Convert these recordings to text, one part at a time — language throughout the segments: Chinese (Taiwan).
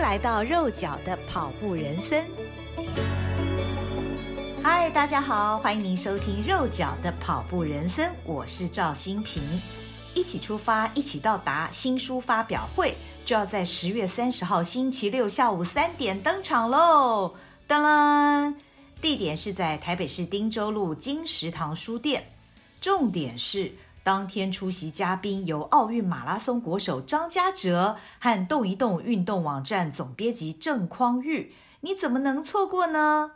來到肉腳的跑步人蔘，嗨，大家好，歡迎您收聽肉腳的跑步人蔘，我是趙心屏，一起出發，一起到達。新書發表會就要在十月三十號星期六下午三點登場嘍，噔噔，地點是在台北市汀州路金石堂書店，重點是。當天出席嘉賓由奧運馬拉松國手張嘉哲和動一動運動網站總編輯鄭匡寓，你怎麼能錯過呢？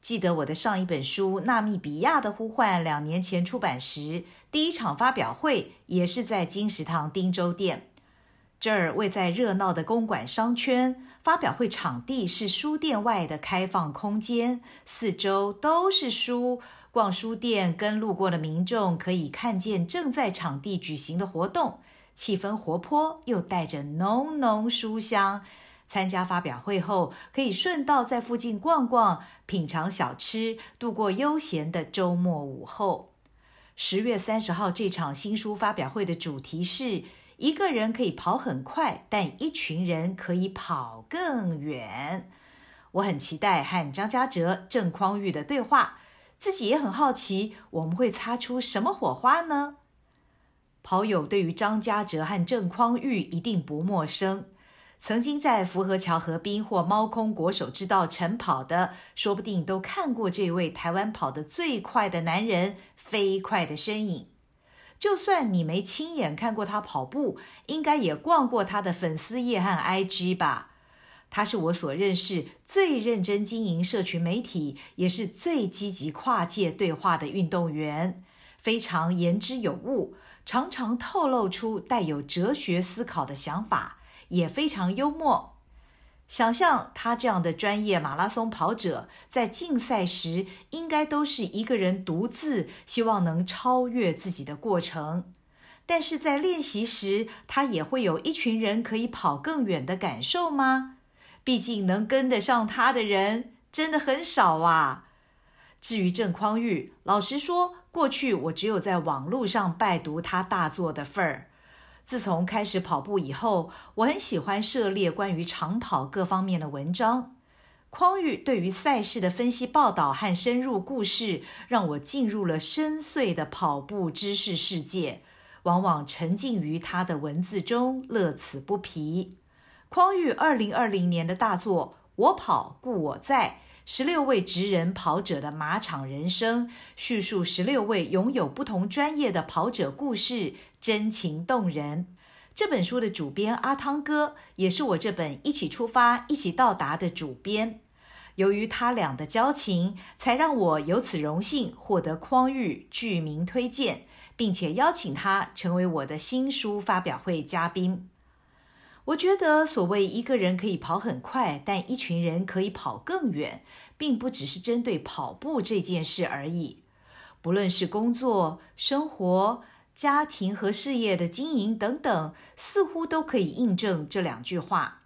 記得我的上一本書《納米比亞的呼喚》兩年前出版時，第一場發表會也是在金石堂汀州店。這兒位在熱鬧的公館商圈，發表會場地是書店外的開放空間，四周都是書。逛書店，跟路過的民眾可以看見正在場地舉行的活動，氣氛活潑又帶着濃濃書香。參加發表會後，可以順道在附近逛逛，品嘗小吃，度過悠閒的周末午後。十月三十號這場新書發表會的主題是“一個人可以跑很快，但一群人可以跑更遠”。我很期待和張嘉哲、鄭匡寓的對話。自己也很好奇，我們會擦出什麼火花呢？跑友對於張嘉哲和鄭匡寓一定不陌生，曾經在福和橋河濱或貓空國手之道晨跑的，說不定都看過這位台灣跑得最快的男人飛快的身影。就算你沒親眼看過他跑步，應該也逛過他的粉絲頁和 IG 吧。他是我所認識最認真經營社群媒體，也是最積極跨界對話的運動員，非常言之有物，常常透露出帶有哲學思考的想法，也非常幽默。想象他這樣的專業馬拉松跑者，在競賽時，應該都是一個人獨自，希望能超越自己的過程。但是在練習時，他也會有一群人可以跑更遠的感受嗎？畢竟能跟得上他的人真的很少啊。至於鄭匡寓，老實說，過去我只有在網絡上拜讀他大作的份兒。自從開始跑步以後，我很喜歡涉獵關於長跑各方面的文章。匡寓對於賽事的分析報道和深入故事，讓我進入了深邃的跑步知識世界，往往沉浸於他的文字中，樂此不疲。匡寓二零二零年的大作《我跑故我在》，十六位職人跑者的馬場人生，敘述十六位擁有不同專業的跑者故事，真情動人。這本書的主編阿湯哥，也是我這本《一起出發，一起到達》的主編。由於他倆的交情，才讓我有此榮幸獲得匡寓具名推薦，並且邀請他成為我的新書發表會嘉賓。我覺得，所謂一個人可以跑很快，但一群人可以跑更遠，並不只是針對跑步這件事而已。不論是工作、生活、家庭和事業的經營等等，似乎都可以印證這兩句話。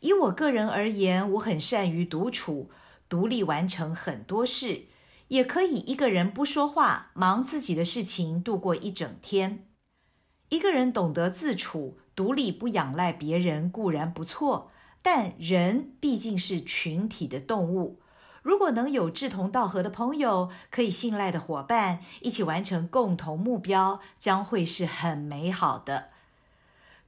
以我個人而言，我很善於獨處，獨立完成很多事，也可以一個人不說話，忙自己的事情度過一整天。一個人懂得自處、獨立不仰賴別人固然不錯，但人畢竟是群體的動物。如果能有志同道合的朋友、可以信賴的夥伴，一起完成共同目標，將會是很美好的。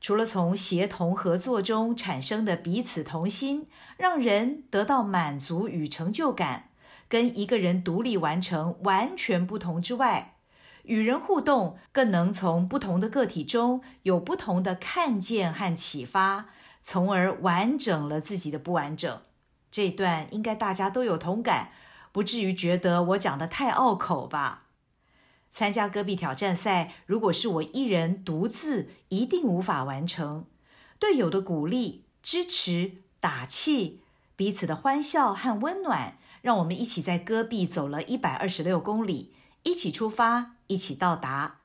除了從協同合作中產生的彼此同心，讓人得到滿足與成就感，跟一個人獨立完成完全不同之外，與人互動，更能從不同的個體中有不同的看見和啟發，從而完整了自己的不完整。這一段應該大家都有同感，不至於覺得我講得太拗口吧？參加戈壁挑戰賽，如果是我一人獨自，一定無法完成。隊友的鼓勵、支持、打氣，彼此的歡笑和溫暖，讓我們一起在戈壁走了一百二十六公里，一起出發。一起到達。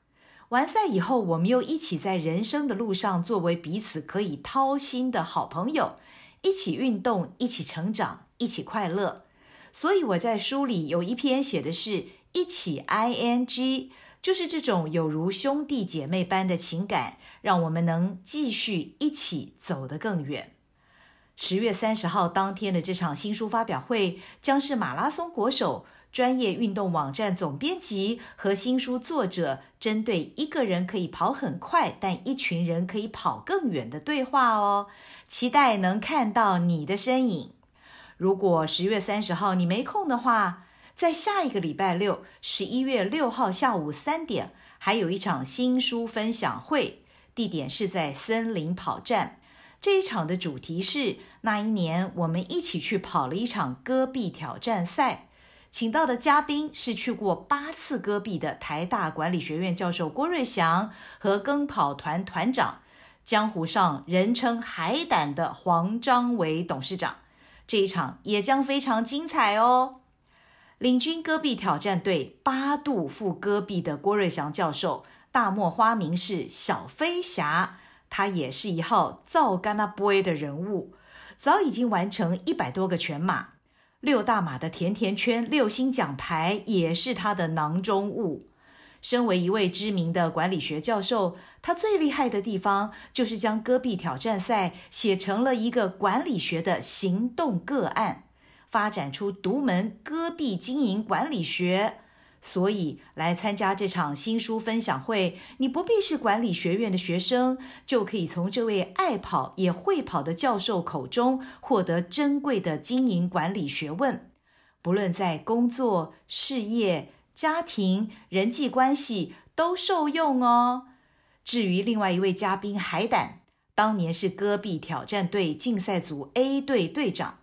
完賽以後，我們又一起在人生的路上，作為彼此可以掏心的好朋友，一起運動，一起成長，一起快樂。所以我在書裡有一篇寫的是一起 ING，就是這種有如兄弟姐妹般的情感，讓我們能繼續一起走得更遠。十月三十號當天的這場新書發表會，將是馬拉松國手、專業運動網站總編輯和新書作者針對“一個人可以跑很快，但一群人可以跑更遠”的對話哦，期待能看到你的身影。如果十月三十號你沒空的話，在下一個禮拜六，十一月六號下午三點，還有一場新書分享會，地點是在森林跑站。這一場的主題是「那一年我們一起去跑了一場戈壁挑戰賽」，請到的嘉賓是去過八次戈壁的台大管理學院教授郭瑞祥和跟跑團團長、江湖上人稱海膽的黃章偉董事長。這一場也將非常精彩哦！領軍戈壁挑戰隊八度赴戈壁的郭瑞祥教授，大漠花名是小飛俠。他也是一號造咖納 boy 的人物，早已經完成一百多個全馬、六大馬的甜甜圈、六星獎牌，也是他的囊中物。身為一位知名的管理學教授，他最厲害的地方就是將戈壁挑戰賽寫成了一個管理學的行動個案，發展出獨門戈壁經營管理學。所以來參加這場新書分享會，你不必是管理學院的學生，就可以從這位愛跑也會跑的教授口中獲得珍貴的經營管理學問，不論在工作、事業、家庭、人際關係都受用哦。至於另外一位嘉賓海膽，當年是戈壁挑戰隊競賽組 A 隊隊長。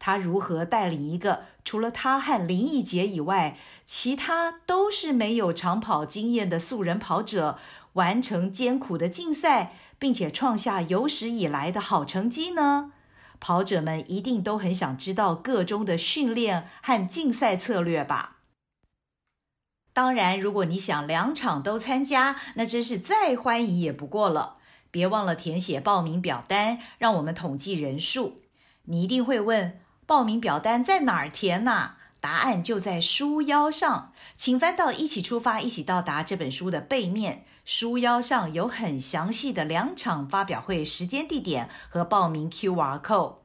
他如何帶領一個除了他和林義傑以外，其他都是沒有長跑經驗的素人跑者，完成艱苦的競賽，並且創下有史以來的好成績呢？跑者們一定都很想知道個中的訓練和競賽策略吧？當然，如果你想兩場都參加，那真是再歡迎也不過了。別忘了填寫報名表單，讓我們統計人數。你一定會問。報名表單在哪兒填呢？答案就在書腰上，請翻到《一起出發，一起到達》這本書的背面，書腰上有很詳細的兩場發表會時間、地點和報名 QR code。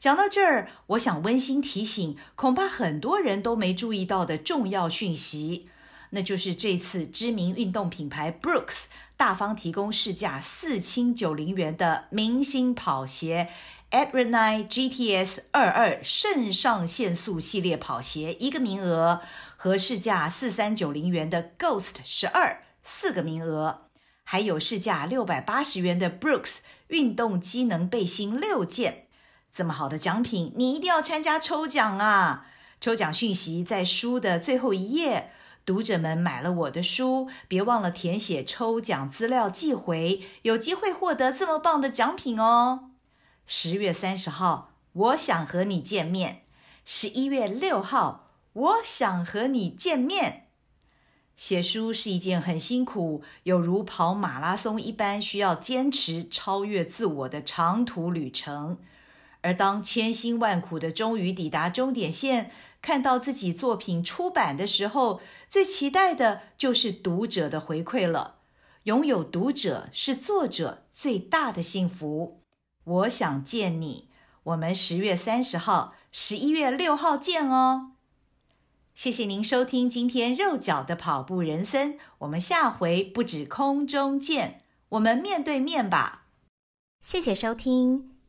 講到這兒，我想溫馨提醒，恐怕很多人都沒注意到的重要訊息。那就是這次知名運動品牌 Brooks 大方提供市價四七九零元的明星跑鞋 Adrenaline GTS 二二腎上腺素系列跑鞋一個名額，和市價四三九零元的 Ghost 十二四個名額，還有市價六百八十元的 Brooks 運動機能背心六件。這麼好的獎品，你一定要參加抽獎啊！抽獎訊息在書的最後一頁。讀者們買了我的書，別忘了填寫抽獎資料寄回，有機會獲得這麼棒的獎品哦！十月三十號，我想和你見面；十一月六號，我想和你見面。寫書是一件很辛苦，有如跑馬拉松一般，需要堅持、超越自我的長途旅程。而當千辛萬苦的終於抵達終點線，看到自己作品出版的時候，最期待的就是讀者的回饋了。擁有讀者是作者最大的幸福。我想見你，我們十月三十號、十一月六號見哦。謝謝您收聽今天肉腳的跑步人蔘，我們下回不止空中見，我們面對面吧。謝謝收聽。